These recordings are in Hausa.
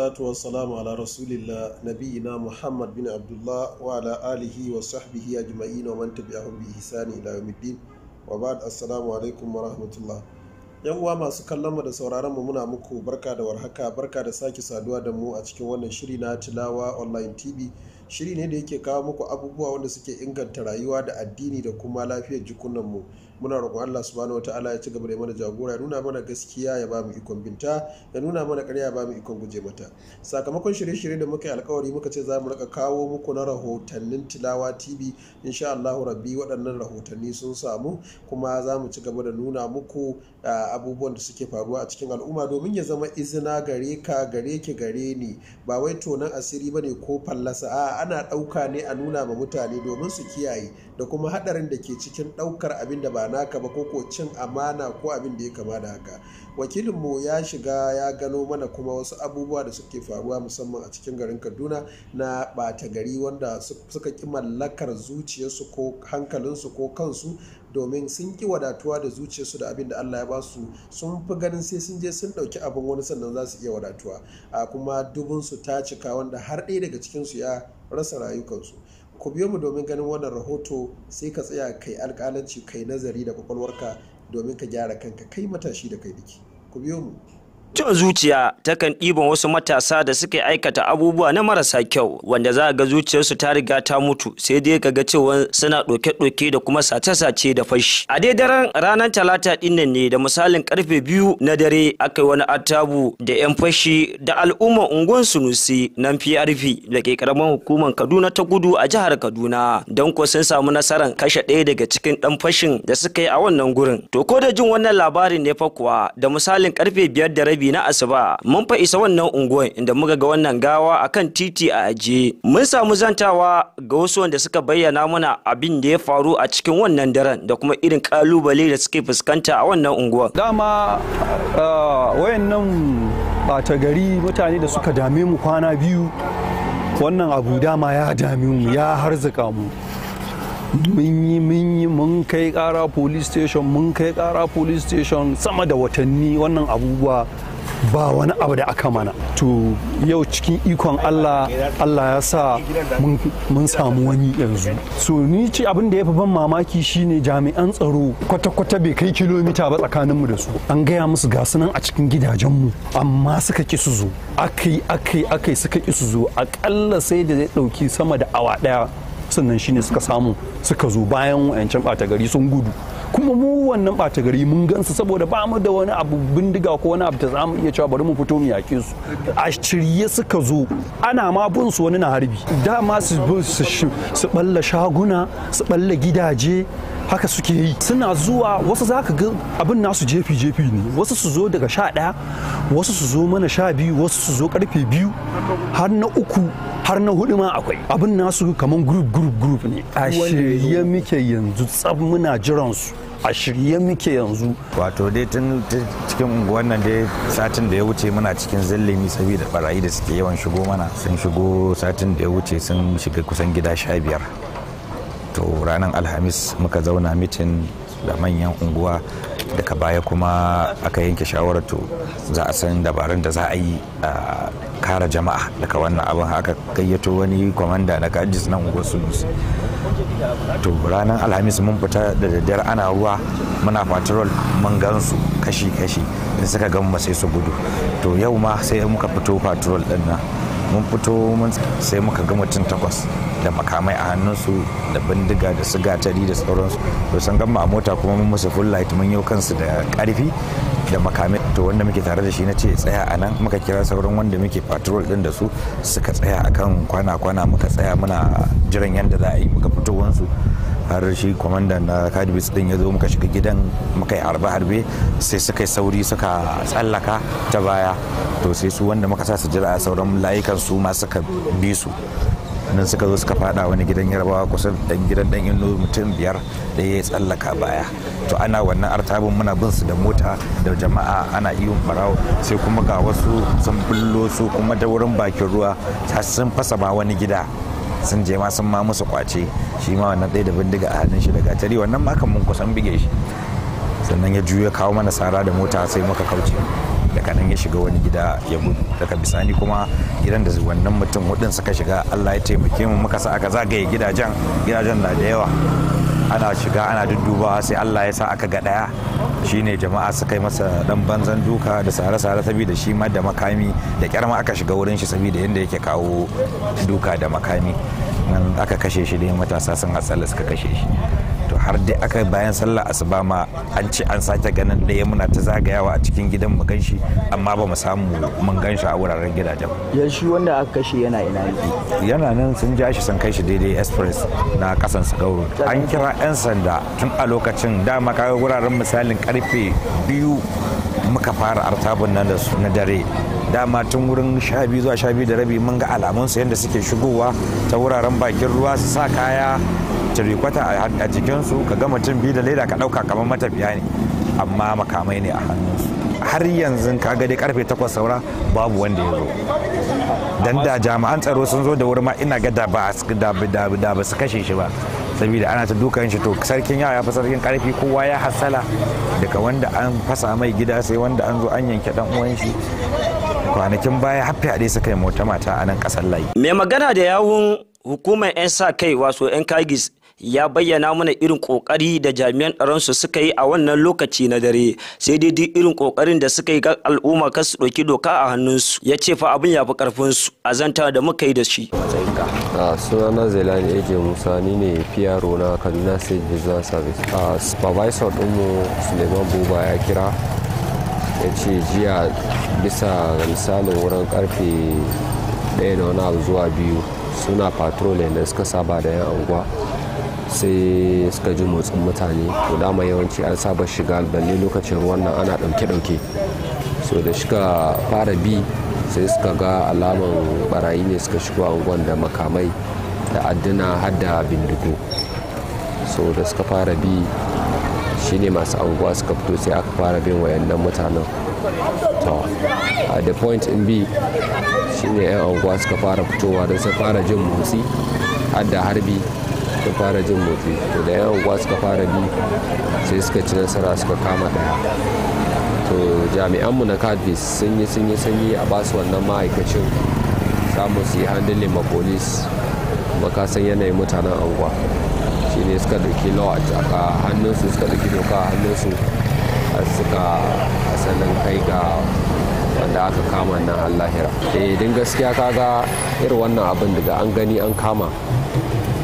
salatu wa salamu ala rasulillah nabiyina muhammad bin abdullah wa ala alihi wa sahbihi ajma'in wa man tabi'ahum bi ihsani ila yawmiddin wa ba'd assalamu alaikum wa rahmatullah yan uwa masu kallon mu da sauraron mu muna muku barka da warhaka barka da sake saduwa da mu a cikin wannan shiri na tilawa online tv shiri ne da yake kawo muku abubuwa wanda suke inganta rayuwa da addini da kuma lafiyar jikunan mu muna roƙon Allah subhanahu ta'ala ya ci gaba da mana jagora ya nuna mana gaskiya ya ba mu ikon binta ya nuna mana ƙarya ya ba mu ikon guje mata sakamakon shirye-shirye da muka yi alkawari muka ce za mu rika kawo muku na rahotannin tilawa tv insha Allahu rabbi waɗannan rahotanni sun samu kuma za mu ci gaba da nuna muku abubuwan da suke faruwa a cikin al'umma domin ya zama izina gare ka gare ki gare ni ba wai tonan asiri ba ne ko fallasa a ana ɗauka ne a nuna ma mutane domin su kiyaye da kuma haɗarin da ke cikin ɗaukar abin da ba naka ba ko cin amana ko abin da ya kama da haka wakilinmu ya shiga ya gano mana kuma wasu abubuwa da suke faruwa musamman a cikin garin kaduna na ɓata gari wanda suka ƙi mallakar zuciyarsu ko hankalinsu ko kansu domin sun ki wadatuwa da zuciyarsu da abin da Allah ya basu sun fi ganin sai sun je sun ɗauki abin wani sannan za su iya wadatuwa a kuma dubunsu ta cika wanda har ɗaya daga cikinsu ya rasa rayukansu ku biyo mu domin ganin wannan rahoto sai ka tsaya kai alƙalanci kai nazari da kwakwalwarka domin ka gyara kanka kai matashi da kai biki ku biyo mu To zuciya takan ɗiban wasu matasa da suke aikata abubuwa na marasa kyau wanda za a ga zuciyarsu ta riga ta mutu sai dai ka ga cewa suna ɗoke-ɗoke da kuma sace-sace da fashi. A dai daren ranar talata ɗin ne da misalin karfe biyu na dare aka yi wani atabu da 'yan fashi da al'umman unguwar sunusi nan PRP da ke karamar hukumar Kaduna ta gudu a jihar Kaduna don ko sun samu nasarar kashe ɗaya daga cikin ɗan fashin da suka yi a wannan gurin. To ko da jin wannan labarin ne fa kuwa da misalin karfe biyar da rabi rabi na asuba mun fa isa wannan unguwar inda muka ga wannan gawa akan titi a ajiye mun samu zantawa ga wasu wanda suka bayyana mana abin da ya faru a cikin wannan daren da kuma irin kalubale da suke fuskanta a wannan unguwar dama uh, wayannan bata gari mutane da suka dame mu kwana biyu wannan abu dama ya dame mu ya harzika mu mun yi mun yi mun kai kara police station mun kai kara police station sama da watanni wannan abubuwa ba wani abu da aka mana to yau cikin ikon Allah Allah ya sa mun samu wani yanzu so ni ce abin da ya fi ban mamaki shine jami'an tsaro kwata-kwata bai kai kilomita ba tsakanin mu da su an gaya musu ga nan a cikin gidajenmu amma suka ki su zo akai akai akai suka ki su zo akalla sai da zai dauki sama da awa daya sannan shine suka samu suka zo bayan yancan ɓata gari sun gudu kuma mu wannan ɓata gari mun gansu saboda ba mu da wani abu bindiga ko wani abu da za mu iya cewa bari mu fito mu yaƙe su a shirye suka zo ana ma bin su wani na harbi dama su su balla shaguna su balla gidaje haka suke yi suna zuwa wasu za ka ga abin nasu jefi jefi ne wasu su zo daga sha ɗaya wasu su zo mana sha biyu wasu su zo karfe biyu har na uku har na hudu ma akwai abin nasu kamar group group group ne a shirye muke yanzu tsab muna jiran su a shirye muke yanzu wato dai tun cikin wannan dai satin da ya wuce muna cikin zillimi saboda barayi da suke yawan shigo mana sun shigo satin da ya wuce sun shiga kusan gida sha biyar to ranar alhamis muka zauna mitin da manyan unguwa daga baya kuma aka yanke shawarar to za a san dabarun da za a yi a kara jama'a daga wannan abin haka gayyato wani kwamanda na kajis na unguwar sunus to ranar alhamis mun fita da daddare ana ruwa muna patrol mun gansu kashi-kashi in suka gama sai su gudu to yau ma sai muka fito patrol din nan mun fito mun sai muka ga mutum takwas da makamai a hannunsu da bindiga da su gatari da sauransu to san gama a mota kuma mun musu full light mun yi kansu da karfi da makamai to wanda muke tare da shi na ce tsaya a nan muka kira sauran wanda muke patrol din da su suka tsaya akan kwana-kwana muka tsaya muna jiran yadda za a yi muka fitowansu har shi kwamandan na kadibis din ya zo muka shiga gidan muka yi harbe-harbe sai suka yi sauri suka tsallaka ta baya to sai su wanda muka sa su jira a sauran layukan su ma suka bi su nan suka zo suka fada wani gidan yarbawa kusan dan gidan dan inno mutum biyar da ya tsallaka baya to ana wannan artabin muna bin su da mota da jama'a ana iyon barawo sai kuma ga wasu sun bullo su kuma da wurin bakin ruwa sun fasa ma wani gida sun je ma sun ma musu kwace shi ma wannan ɗaya da bindiga a hannun shi daga tari wannan ma kan mun kusan bige shi sannan ya juya kawo mana sara da mota sai muka kauce daga nan ya shiga wani gida ya gudu daga bisani kuma gidan da wannan mutum hudun suka shiga allah ya taimake mu muka sa aka zagaye gidajen gidajen na da yawa ana shiga ana duddubawa sai allah ya sa aka ga daya shine jama'a su kai masa dan banzan duka da sare-sare saboda shi ma da makami da kyarma aka shiga wurin shi saboda yadda yake kawo duka da makami nan aka kashe shi da matasa sun hatsala suka kashe shi har dai aka bayan sallah asuba ma an ce an sake ganin ɗaya muna ta zagayawa a cikin gidan mu ganshi amma ba mu samu mun ganshi a wuraren gidajen ya shi wanda aka kashe yana ina yana nan sun ja shi sun kai shi daidai express na kasan su gauru an kira yan sanda tun a lokacin dama kaga wuraren misalin karfe biyu muka fara artabun nan da su na dare dama tun wurin sha biyu zuwa sha da rabi mun ga alamun su yadda suke shigowa ta wuraren bakin ruwa su sa kaya turikwata a jikinsu ka ga mutum biyu da leda ka ɗauka kamar matafiya ne amma makamai ne a hannunsu har yanzu ka ga karfe takwas saura babu wanda ya zo dan da jami'an tsaro sun zo da wuri ma ina ga da ba su kashe shi ba saboda ana ta dukan shi to sarkin yawa ya fi sarkin karfi kowa ya hasala daga wanda an fasa mai gida sai wanda an zo an yanke dan uwan shi kwanakin baya haffi a suka yi mota mata a nan kasar layi. mai magana da yawun hukumar 'yan sa kai wato 'yan kagis ya bayyana mana irin kokari da jami'an ɗaransu suka yi a wannan lokaci na dare sai dai duk irin kokarin da suka yi ga al'umma kan su ɗauki doka a hannunsu ya ce fa abin ya fi ƙarfinsu a zanta da muka yi da shi a sunana zelani ake musa ni ne piyaro na kaduna state business service a supervisor ɗinmu suleiman buba ya kira ya ce jiya bisa misalin wurin karfe ɗaya na wani zuwa biyu suna patrol da suka saba da yan anguwa sai suka ji motsin mutane to dama yawanci an saba shiga balle lokacin ruwan nan ana ɗauke-ɗauke so da suka fara bi sai suka ga alaman barayi ne suka shigo angon da makamai da adduna har da bindigo so da suka fara bi shi ne masu anguwa suka fito sai aka fara bin wayannan mutanen to a the point in b ne 'yan anguwa suka fara fitowa don sai fara jin motsi har da harbi suka fara jin motsi to da yawan unguwa suka fara bi sai suka ci nasara suka kama daya to jami'anmu na cadvis sun yi sun yi sun yi a basu wannan ma'aikacin samun su yi handle ma polis makasan yanayin mutanen anguwa shine suka dauki law a hannunsu suka dauki doka a hannunsu suka asalin kai ga wanda aka kama nan allahira eh din gaskiya kaga irin wannan abin daga an gani an kama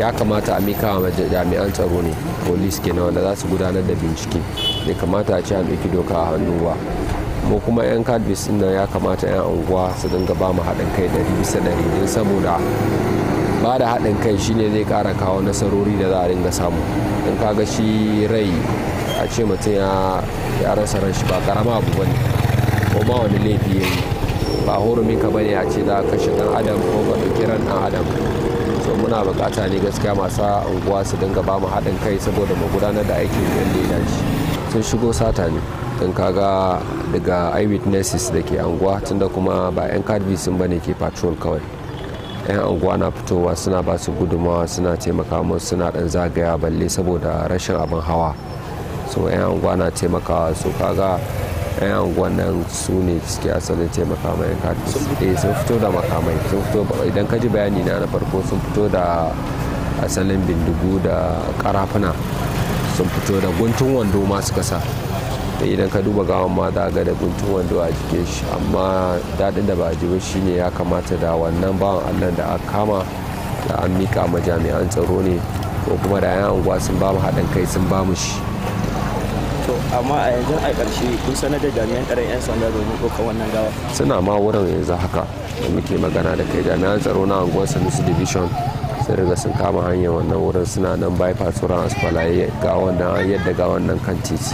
ya kamata a mika wa jami'an tsaro ne polis na wanda za su gudanar da bincike ne kamata a ce an ɗauki doka a hannu ba mu kuma 'yan kadbis ɗin nan ya kamata 'yan unguwa su dinga ba mu haɗin kai ɗari bisa ɗari don saboda ba da haɗin kai shine zai ƙara kawo nasarori da za a dinga samu in ka ga shi rai a ce mutum ya rasa ran shi ba karama abu bane ko ma wani laifi yi ba hurumi ka bane a ce za a kashe ɗan adam ko ka ɗauki ran ɗan adam so muna bukata ne gaskiya masu unguwa su dinga ba mu haɗin kai saboda mu gudanar da aikin yadda ya dace sun shigo sata ne don kaga daga eyewitnesses da ke anguwa tunda kuma ba 'yan kadbi sun bane ke patrol kawai 'yan unguwa na fitowa suna ba su gudumawa suna taimaka musu suna dan zagaya balle saboda rashin abin hawa so 'yan anguwa na taimakawa su kaga 'yan eh, anguwan nan su ne suke asalin taimaka mai kadis eh sun fito da makamai sun fito idan ka ji bayani na na farko sun fito da asalin bindigu da karafuna sun fito da guntun wando ma suka sa da idan ka duba gawan ma za ga da guntun wando a jikin shi amma daɗin da ba a ji ba ne ya kamata da wannan bawan allah da aka kama da an mika ma jami'an tsaro ne ko kuma da 'yan unguwa sun ba mu haɗin kai sun ba mu shi to amma a yanzu a ƙarshe kun sanar da jami'an tsaron 'yan sanda domin ɗaukar wannan gawa suna ma wurin yanzu haka da muke magana da kai jami'an tsaro na unguwar sanusi division sun riga sun kama hanyar wannan wurin suna nan bypass wurin asfala ga wannan yadda ga wannan kan titi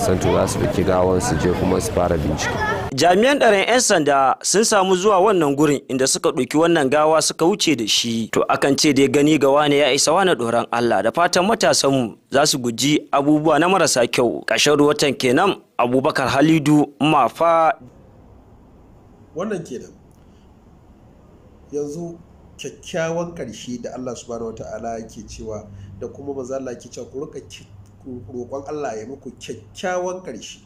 san to za su ɗauki gawan su je kuma su fara bincike jami'an ɗaren 'yan sanda sun samu zuwa wannan gurin inda suka ɗauki wannan gawa suka wuce da shi to akan ce dai gani ga wane ya isa wane doron allah da fatan matasanmu za su guji abubuwa na marasa kyau ƙarshen watan kenan abubakar halidu mafa wannan kenan yanzu kyakkyawan ƙarshe da allah subhanahu wata'ala yake cewa da kuma maza allah ke cewa ku roƙon allah ya muku kyakkyawan karshe.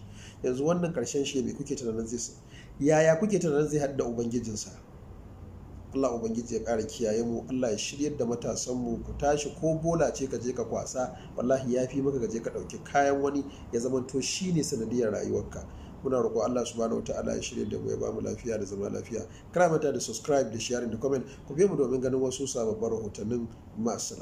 yanzu wannan karshen shi bai kuke tunanin zai yaya kuke tunanin zai hadda ubangijinsa Allah ubangiji ya kara kiyaye mu Allah ya shiryar da matasan mu ku tashi ko bola ce ka je ka kwasa wallahi ya fi maka ka je ka ɗauki kayan wani ya zama to shine sanadiyar rayuwarka muna roƙo Allah subhanahu wataala ya shirya da mu ya ba mu lafiya da zama lafiya kana mata da subscribe da sharing da comment ku biyo mu domin ganin wasu sababbin rahotannin masu